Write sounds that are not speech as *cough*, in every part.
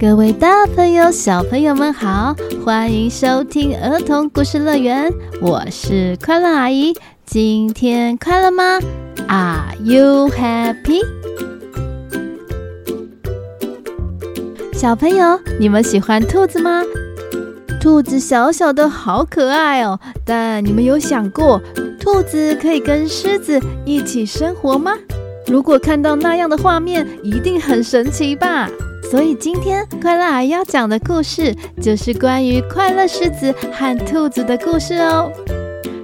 各位大朋友、小朋友們好，歡迎收聽兒童故事樂園，我是快樂阿姨。今天快樂嗎？Are you happy？小朋友，你們喜歡兔子嗎？兔子小小的好可愛哦，但你們有想過，兔子可以跟獅子一起生活嗎？如果看到那樣的畫面，一定很神奇吧。所以今天快樂阿姨要講的故事就是關於快樂獅子和兔子的故事哦。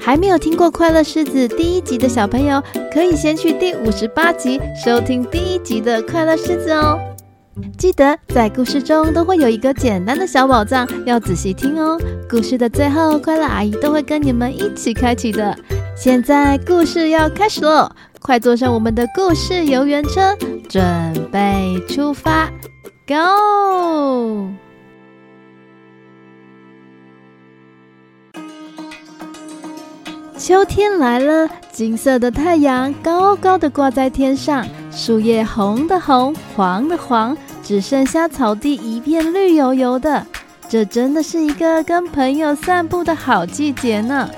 還沒有聽過快樂獅子第一集的小朋友，可以先去第五十八集收聽第一集的快樂獅子哦。記得在故事中都會有一個簡單的小寶藏，要仔細聽哦。故事的最後，快樂阿姨都會跟你們一起開啟的。現在故事要開始嘍，快坐上我們的故事遊園車，準備出發。Go！秋天來了，金色的太陽高高的掛在天上，樹葉紅的紅，黃的黃，只剩下草地一片綠油油的。這真的是一個跟朋友散步的好季節呢！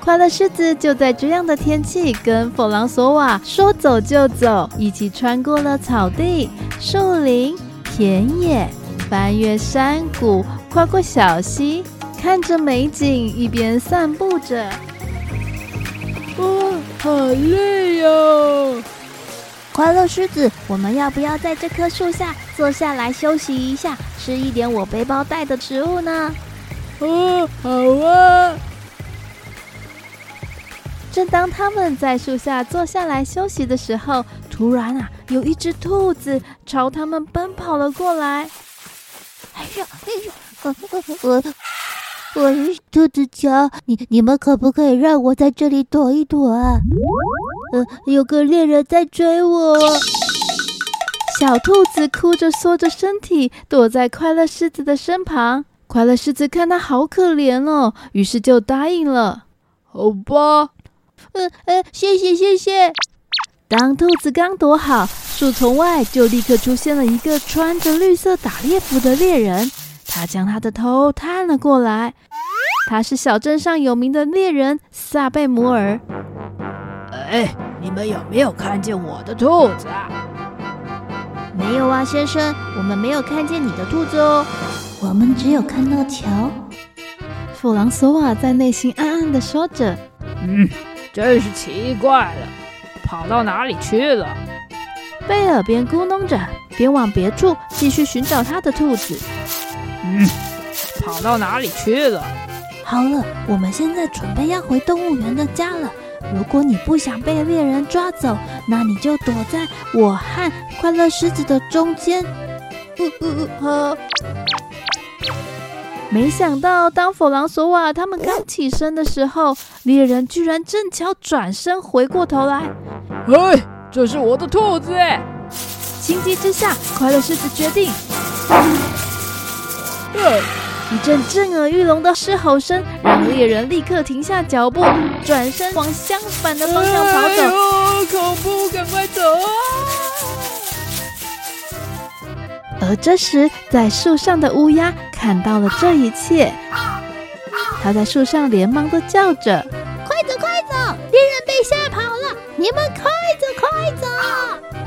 快樂獅子就在這樣的天氣，跟弗朗索瓦說走就走，一起穿過了草地、樹林。田野，翻越山谷，跨過小溪，看着美景，一邊散步着。哦，好累喲，哦！快樂獅子，我們要不要在這棵樹下坐下來休息一下，吃一點我背包帶的食物呢？哦，好啊。正當他們在樹下坐下來休息的時候，突然啊！有一隻兔子朝他們奔跑了過來。哎呀，哎呀，我我我是兔子喬，你你們可不可以讓我在這裡躲一躲啊？呃、啊，有個獵人在追我。小兔子哭着縮着身體躲在快樂獅子的身旁。快樂獅子看它好可憐哦，於是就答應了。好吧，嗯嗯、哎，謝謝謝謝。當兔子剛躲好，樹叢外就立刻出現了一個穿着綠色打獵服的獵人。他將他的頭探了過來。他是小鎮上有名的獵人薩貝摩爾。哎，你們有沒有看見我的兔子啊？沒有啊，先生，我們沒有看見你的兔子哦。我們只有看到條。弗朗索瓦在內心暗暗的說着：“嗯，真是奇怪了。”跑到哪裡去了？貝爾邊咕噥着，邊往別處繼續尋找他的兔子。嗯，跑到哪裡去了？好了，我們現在準備要回動物園的家了。如果你不想被獵人抓走，那你就躲在我和快樂獅子的中間。嗚嗚嗚哈！呃啊沒想到，當弗朗索瓦他們剛起身的時候，獵人居然正巧轉身回過頭來。嘿，這是我的兔子！哎，情急之下，快樂獅子決定。對一陣震耳欲聾的獅吼聲，讓獵人立刻停下腳步，轉身往相反的方向跑走。哎哦，恐怖，趕快走啊！而這時，在樹上的烏鴉。看到了這一切，他在樹上連忙地叫着：“快走，快走！獵人被嚇跑了，你們快走，快走！”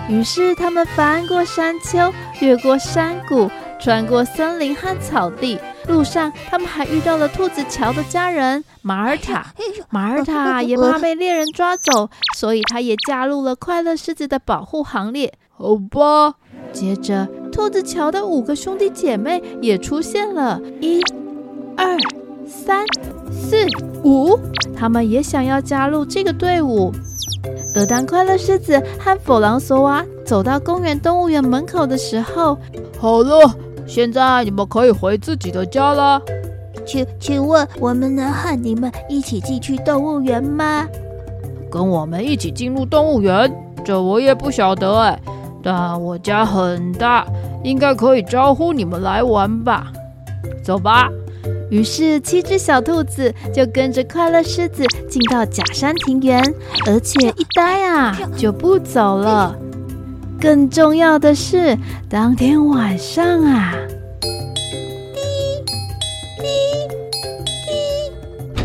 於是他們翻過山丘，越過山谷，穿過森林和草地。路上，他們還遇到了兔子喬的家人馬爾塔。馬爾塔也怕被獵人抓走，所以他也加入了快樂獅子的保護行列。好吧。接着，兔子橋的五個兄弟姐妹也出現了，一、二、三、四、五，他們也想要加入這個隊伍。而當快樂獅子和弗朗索瓦走到公園動物園門口的時候，好了，現在你們可以回自己的家了。請，請問我們能和你們一起進去動物園嗎？跟我們一起進入動物園？這我也不曉得哎。但我家很大，應該可以招呼你們來玩吧。走吧。於是七隻小兔子就跟着快樂獅子進到假山庭園，而且一待啊就不走了。更重要的是，當天晚上啊，滴滴滴！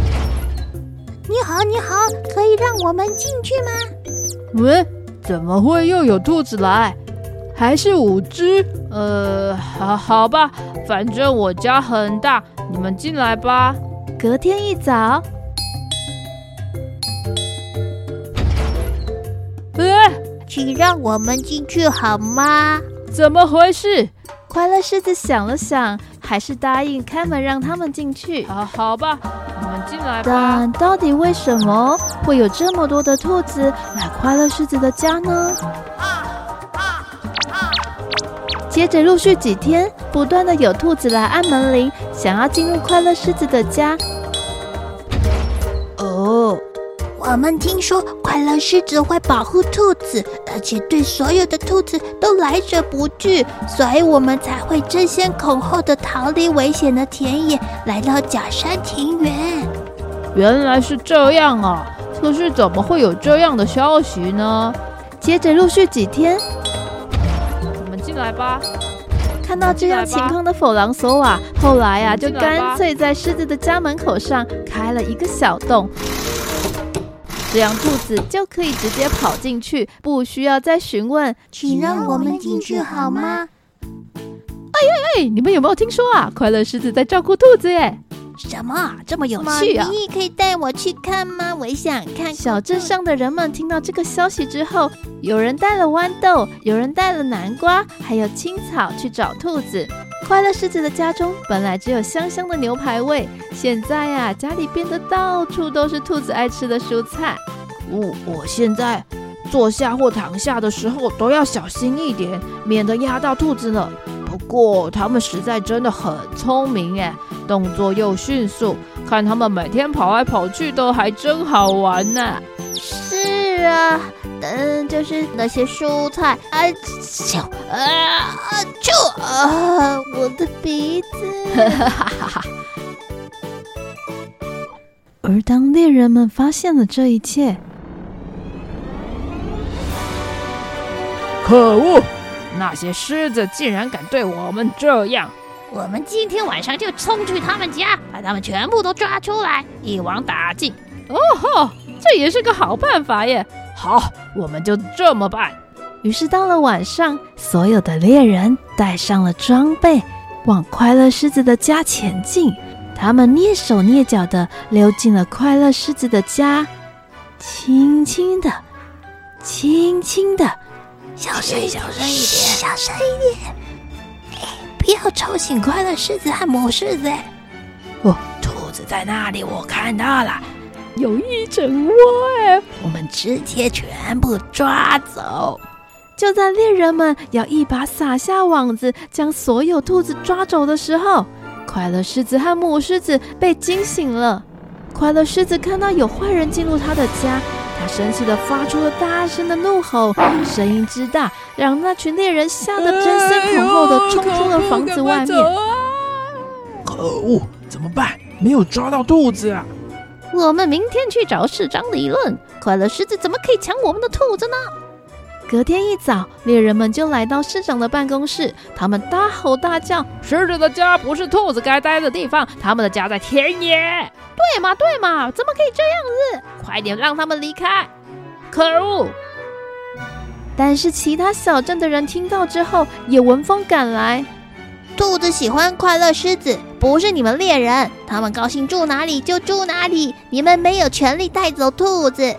你好，你好，可以讓我們進去嗎？喂、嗯？怎麼會又有兔子來？還是五隻？呃，好好吧，反正我家很大，你們進來吧。隔天一早，呃、欸，請讓我們進去好嗎？怎麼回事？快樂獅子想了想，還是答應開門讓他們進去。好好吧。來，但到底為什麼會有這麼多的兔子來快樂獅子的家呢？啊啊啊、接着陸續幾天，不斷的有兔子來按門鈴，想要進入快樂獅子的家。哦，我們聽說快樂獅子會保護兔子，而且對所有的兔子都來者不拒，所以我們才會爭先恐後的逃離危險的田野，來到假山庭園。原來是這樣啊！可是怎麼會有這樣的消息呢？接着陸續幾天，我們進來吧。看到這樣情況的弗朗索瓦，啊，來，後來啊，你們就，就乾脆在獅子的家門口上開了一個小洞，這樣兔子就可以直接跑進去，不需要再詢問。請讓我們進去好嗎？哎哎哎！你們有沒有聽說啊？快樂獅子在照顧兔子耶！什麼這麼有趣啊？你也可以帶我去看嗎？我也想看。小鎮上的人們聽到這個消息之後，有人帶了豌豆，有人帶了南瓜，還有青草去找兔子。快樂獅子的家中本來只有香香的牛排味，現在啊，家裡變得到處都是兔子愛吃的蔬菜。嗚，我現在坐下或躺下的時候都要小心一點，免得壓到兔子呢。不過他們實在真的很聰明，哎。動作又迅速，看他們每天跑來跑去都還真好玩呢、啊。是啊，嗯，就是那些蔬菜啊，就啊，啊，我的鼻子。哈哈哈哈！而當獵人們發現了這一切，可惡，那些獅子竟然敢對我們這樣！我們今天晚上就衝去他們家，把他們全部都抓出來，一網打盡。哦吼，這也是個好辦法耶！好，我們就這麼辦。於是到了晚上，所有的獵人帶上了裝備，往快樂獅子的家前進。他們躡手躡腳的溜進了快樂獅子的家，輕輕的，輕輕的，小聲小聲一點，小聲一點。不要吵醒快樂獅子和母獅子！哦，兔子在那裡，我看到了，有一整窩哎！我們直接全部抓走！就在獵人們要一把撒下網子，將所有兔子抓走的時候，快樂獅子和母獅子被驚醒了。快樂獅子看到有壞人進入他的家。他生氣的發出了大聲的怒吼，音聲音之大，讓那群獵人嚇得爭先恐後的衝出了房子外面。可惡，怎麼辦？沒有抓到兔子啊！我們明天去找市長理論。快樂獅子怎麼可以搶我們的兔子呢？隔天一早，獵人們就來到市長的辦公室，他們大吼大叫：“獅子的家不是兔子該待的地方，他們的家在田野。對嗎？”對嘛對嘛，怎麼可以這樣子？快點讓他們離開！可惡！但是其他小鎮的人聽到之後也聞風趕來。兔子喜歡快樂獅子，不是你們獵人，他們高興住哪裡就住哪裡，你們沒有權利帶走兔子。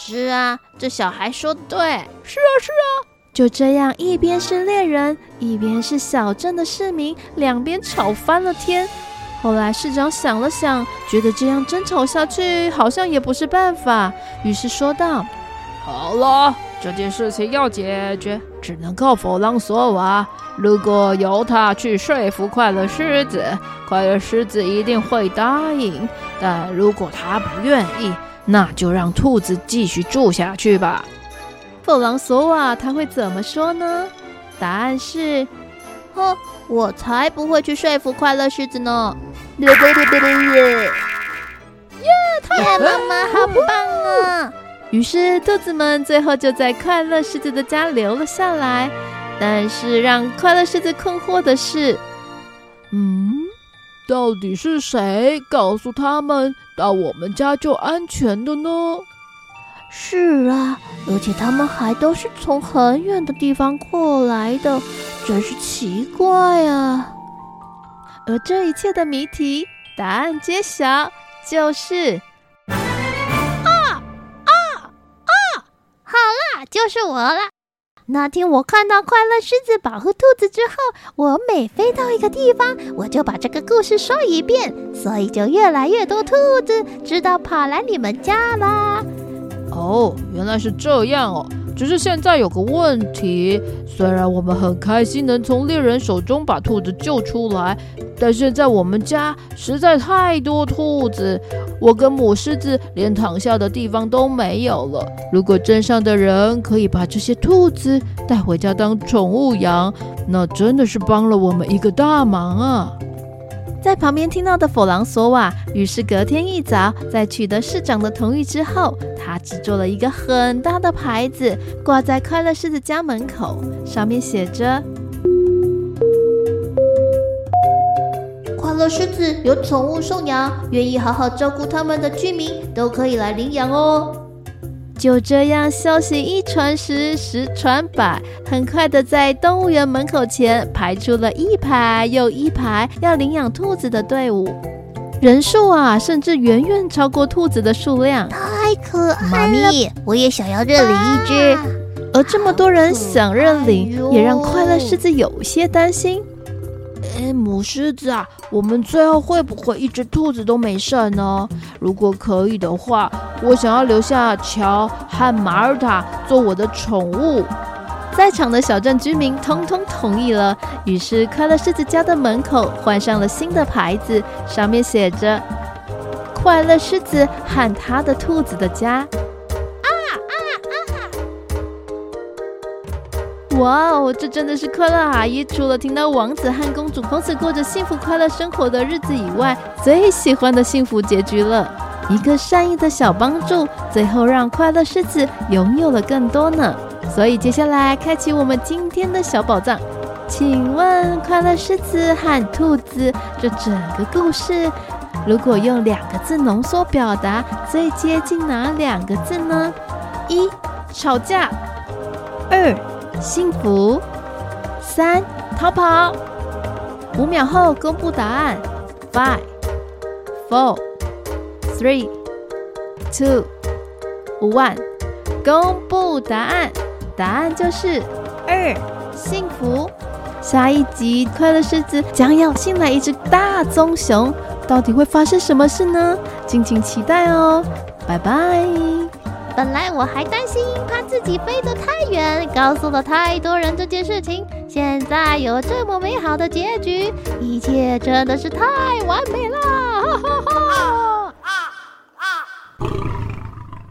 是啊，這小孩說的對。是啊，是啊。就這樣，一邊是獵人，一邊是小鎮的市民，兩邊吵翻了天。後來市長想了想，覺得這樣爭吵下去好像也不是辦法，於是說道：“好了，這件事情要解決，只能靠弗朗索瓦。如果由他去說服快樂獅子，快樂獅子一定會答應。但如果他不願意……”那就讓兔子繼續住下去吧。弗朗索瓦他會怎麼說呢？答案是：哼，我才不會去說服快樂獅子呢！耶耶耶耶耶！耶，太棒了，好棒啊！ *laughs* 於是兔子們最後就在快樂獅子的家留了下來。但是讓快樂獅子困惑的是，嗯。到底是誰告訴他們到我們家就安全的呢？是啊，而且他們還都是從很遠的地方過來的，真是奇怪啊！而這一切的謎題答案揭曉，就是啊啊啊，好啦，就是我啦。那天我看到快樂獅子保護兔子之後，我每飛到一個地方，我就把這個故事說一遍，所以就越來越多兔子知道，跑來你們家啦。哦，原來是這樣哦。只是現在有個問題，雖然我們很開心能從獵人手中把兔子救出來，但現在我們家實在太多兔子，我跟母獅子連躺下的地方都沒有了。如果鎮上的人可以把這些兔子帶回家當寵物養，那真的是幫了我們一個大忙啊！在旁邊聽到的弗朗索瓦，於是隔天一早，在取得市長的同意之後，他製作了一個很大的牌子，掛在快樂獅子家門口，上面寫着：“快樂獅子有寵物送養，願意好好照顧它們的居民，都可以來領養哦。”就這樣，消息一傳十，十傳百，很快的在動物園門口前排出了一排又一排要領養兔子的隊伍，人數啊，甚至遠遠超過兔子的數量。太可愛了，媽咪，我也想要認領一隻。啊、而這麼多人想認領，啊、也讓快樂獅子有些擔心。誒，母獅子啊，我們最後會不會一隻兔子都沒剩呢？如果可以的話，我想要留下喬和馬爾塔做我的寵物。在場的小鎮居民通通同意了，於是快樂獅子家的門口換上了新的牌子，上面寫着“快樂獅子和他的兔子的家”。哇哦，wow, 這真的是快樂阿姨除了聽到王子和公主從此過着幸福快樂生活的日子以外，最喜歡的幸福結局了。一個善意的小幫助，最後讓快樂獅子擁有了更多呢。所以接下來開啟我們今天的小寶藏。請問，快樂獅子和兔子這整個故事，如果用兩個字濃縮表達，最接近哪兩個字呢？一、吵架，二、幸福，三，逃跑，五秒後公布答案。Five, four, three, two, one。公布答案，答案就是二。幸福。下一集快樂獅子將要新來一只大棕熊，到底會發生什麼事呢？敬請期待哦。拜拜。本來我還擔心怕自己飛得太。告訴了太多人這件事情，現在有這麼美好的結局，一切真的是太完美了！哈哈哈。